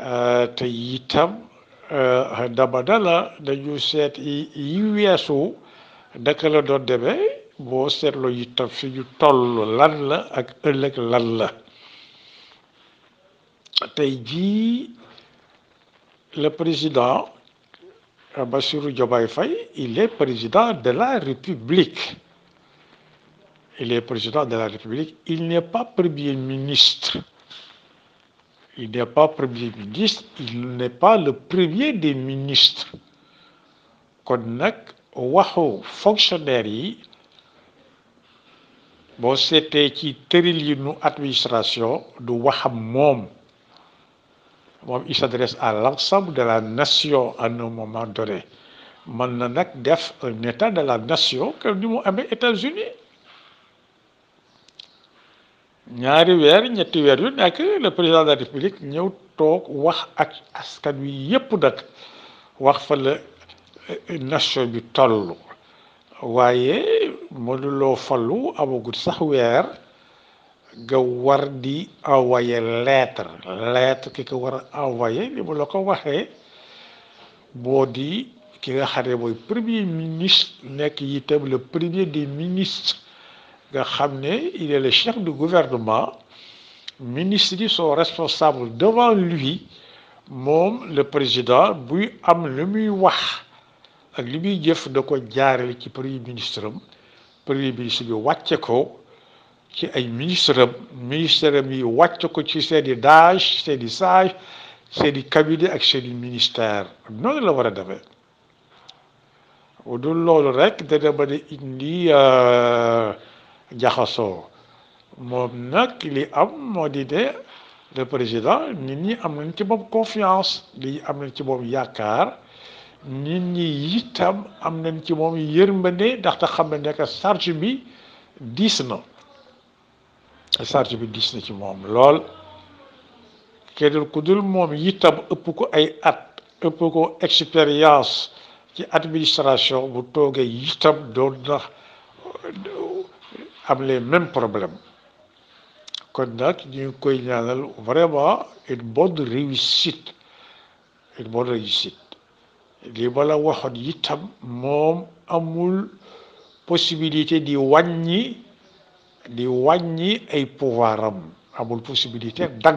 le président il est président de la République il est président de la République il n'est pas premier ministre il n'est pas premier ministre il n'est pas le premier des ministres C'est nag fonctionnaire yi boo qui ci yi nu administration du il s'adresse à l'ensemble de la nation à un moment donné Maintenant, na pas def un état de la nation comme nous avons États-Unis ñaari weer ñetti weer yu nekk le président de république ñëw toog wax ak askan wi yépp nag wax fa la euh, nation bi toll waaye mënuloo falu amagut sax weer nga war di envoyé lettre lettre ki ko war a envoyé li mu la ko waxee moo di ki nga xam ne mooy premier ministre nekk itam le premier des ministres nga il est le chef du gouvernement ministres sont responsables devant lui mom le président buy am le muy wax ak li muy jëf da ko jaarale ci premier ministre premier ministre bi wàcce ko ci ay ministre am ministère am yi wàcce ko ci seeni daaj seeni saaj seeni cabinet ak seeni ministère noonu la war a demee du loolu rek dana mën a indi euh, jaxasoo moom nag li am moo di de le président nit ñi am nañ ci moom confiance li am nañ ci moom yaakaar nit ñi itam am nañ ci moom yërmande ndaxte xam ne que charge bi diis na charge bi diis na ci moom lool kenn ku dul moom itam ëpp ko ay at ëpp ko expérience ci administration bu toogee itam doon na am les mêmes problèmes quand nak, vraiment une bonne réussite une bonne réussite li wala yitam, possibilité possibilité di di ay pouvoir possibilité de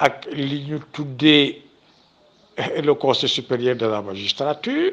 ak li le supérieur de la magistrature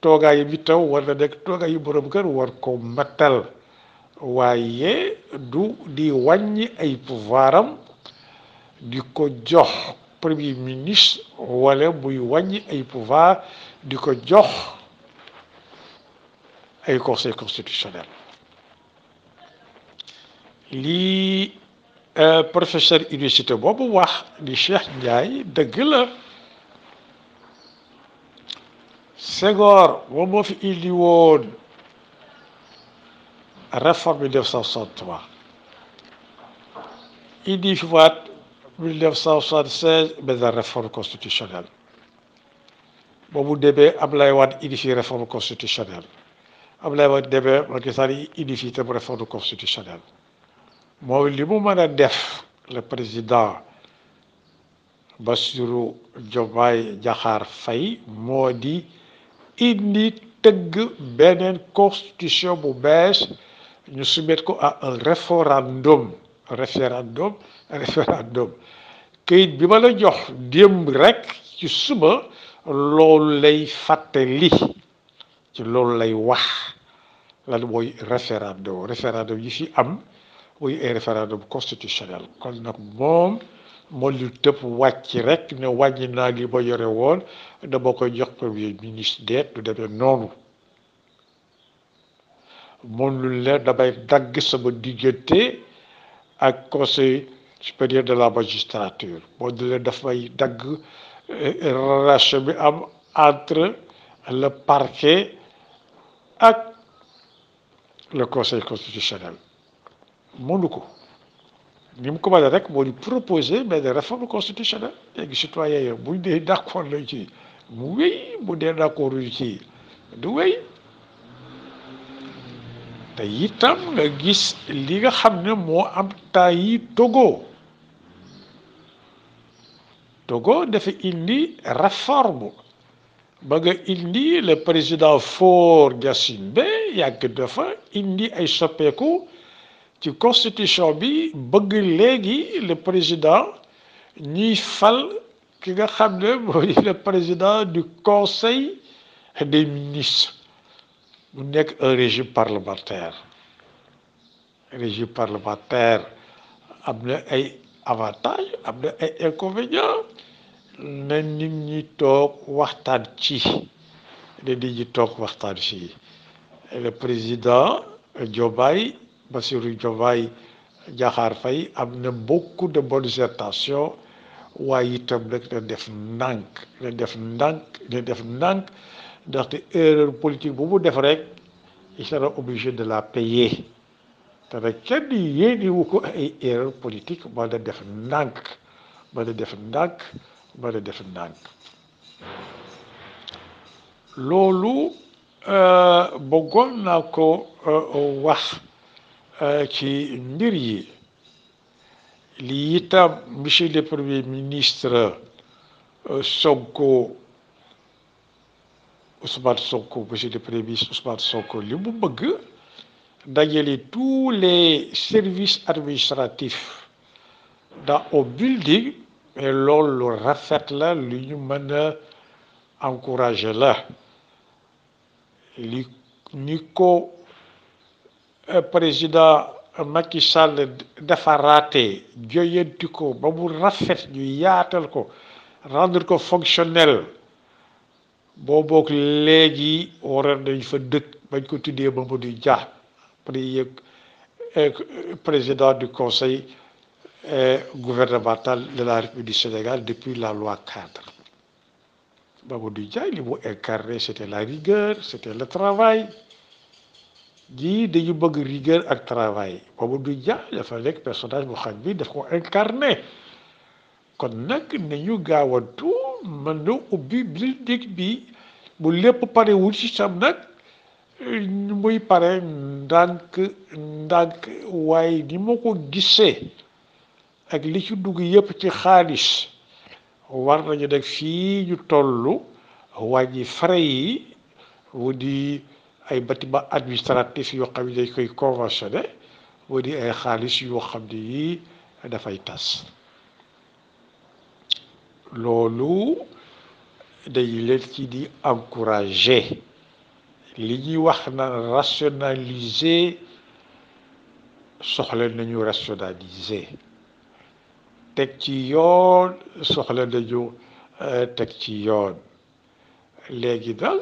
toogaayu taw war na nekk toogaayu borom kër war ko matal waaye du di wàññi ay pouvoir am di ko jox premier ministre wala muy wàññi ay pouvoir di ko jox ay conseil constitutionnel lii euh, professeur université boobu wax di Cheikh Ndiaye dëgg la Senghor vous moo fi indi woon réforme 1963 indi fi de 1976 la réforme constitutionnelle boobu demee Ablaye Wade indi la réforme constitutionnelle Ablaye Wade demee Macky Sall indi fi la réforme constitutionnelle Moi, li mu mën def le président Bassirou Diomaye Diakhar Faye indi tëgg beneen constitution bu bees ñu soumettre ko à un référendum référendum référendum këyit bi ma la jox démb rekk ci suba loolu lay fàttali ci loolu lay wax lan mooy référendum référendum yi fi am muy ay référendum constitutionnel kon nag moom ma lu wàcc rek ne wàññi ba yore woon dama jox premier ministre deet du demee noonu lu damay dagg sama diggante ak conseil supérieur de la magistrature leen dafay dagg eh, relation bi entre le parquet ak le conseil constitutionnel mënu ko nous ko rek proposer réforme constitutionnelle constitutionnelles dit citoyens bu d'accord ci bu d'accord nga gis li nga am Togo Togo indi réforme indi le président Faure Gassimbe yàgg dafa indi ay ci constitution bi le président ñuy fal ki nga xam le président du conseil des ministres mu nekk un régime parlementaire régime parlementaire a na ay avantages am ay inconvénients na nit ñi toog waxtaan ci le président Jobay Bassirou Diomaye Diakhar Faye am na beaucoup de bonnes intentions waaye itam nag na def ndànk na def ndànk na def ndànk ndaxte erreur politique bu mu def rek il sera obligé de la payer te nag kenn yéeni ko ay erreur politique ba da def ndànk ba da def ndànk ba da def ndànk loolu eh, bëggoon naa ko eh, wax euh, qui mbir yi li le premier ministre euh, Sonko Ousmane le premier ministre Ousmane li mu tous les services administratifs dans au building et loolu le la lu ñu encourager la euh, président Macky Sall dafa raté joyanti ko ba mu rafet ñu yaatal ko rendre ko fonctionnel bobo léegi waroon nañ fa dëkk bañ ko tuddee Mamadou Dia euh, président du conseil euh, gouvernemental de la République du Sénégal depuis la loi cadre Mamadou Dia li incarné c'était la rigueur c'était le travail ji dañu bëgg rigueur ak travail boobu du ja dafa nekk personnage bu xaj bi daf ko incarné kon nag nañu gaawantu mën na ubbi bibliothèque bi bu lépp pare wul ci sam nag euh, muy pare ndànk ndànk waaye ni ma ko gisee ak li ci dugg yëpp ci xaalis war nañu def fii ñu toll wàññi frais yi wu ay bâtiment administratif yoo xam ne dañ koy conventionné mu di ay xaalis yoo xam ne yii dafay tas loolu dañu leen ci di encourager li ñuy wax na rationaliser soxla nañu rationaliser teg ci yoon soxla nañu teg ci yoon léegi daal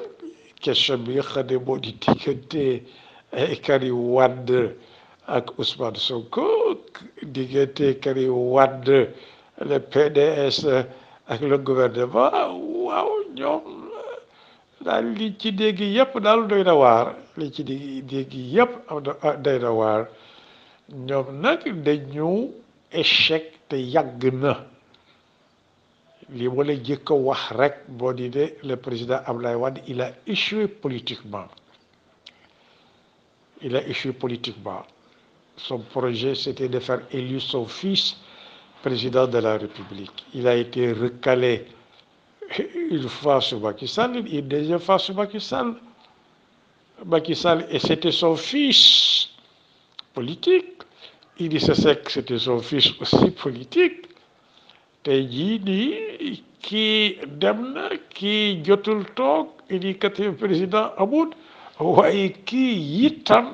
question bi nga xam ne moo di diggante eh, Karim Wade ak Ousmane Sonko diggante kari Wade le PDS ak le gouvernement waaw ñoom dal li ci dégg yëpp daal doy na waar li ci dégg yëpp am na ah, doy na waar ñoom nag dañu échec te yàgg na le président Abdoulaye il a échoué politiquement il a échoué politiquement son projet c'était de faire élu son fils président de la République il a été recalé une fois sur Macky une deuxième fois sur et c'était son fils politique Il disait que c'était son fils aussi politique tey jii nii kii dem na kii jotul toog indicatif président amut waaye kii yittam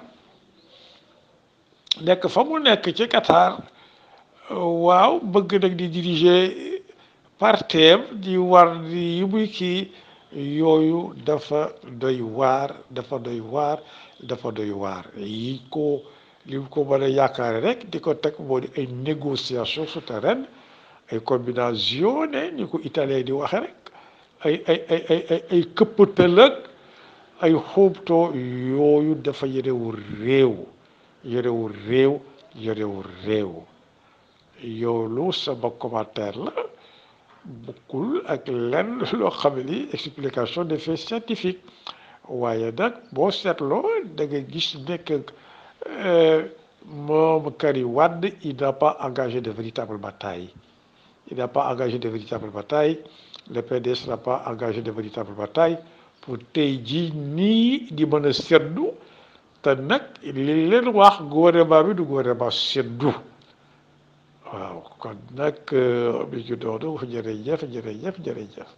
nekk fa mu nekk ci Qatar waaw bëgg nag di diriger parteem di war di yi muy kii yooyu dafa doy waar dafa doy waar dafa doy waar yi ko li ko mën a rek di ko teg moo di négociation souterraine ay combinaison ne ñu ko italien di waxe rek ay ay ay ay ay ay këppatal ak ay xuubtoo yooyu dafa yerewu réew yerewu réew yerewu réew yoolu sama commentaire la bokkul ak lenn loo xam ni explication des faits scientifiques waaye nag boo seetloo da nga gis nekk euh, moom Karim Wade il n'a pas engagé de véritable bataille il n'a pas engagé de véritable bataille. Le PDS n'a pas engagé de véritable bataille pour ni tey jii nii di mën a seddu te nag li leen wax gouvernement bi du a seddu waaw kon nag mi euh, ngi doonu jërëjëf jërëjëf jërëjëf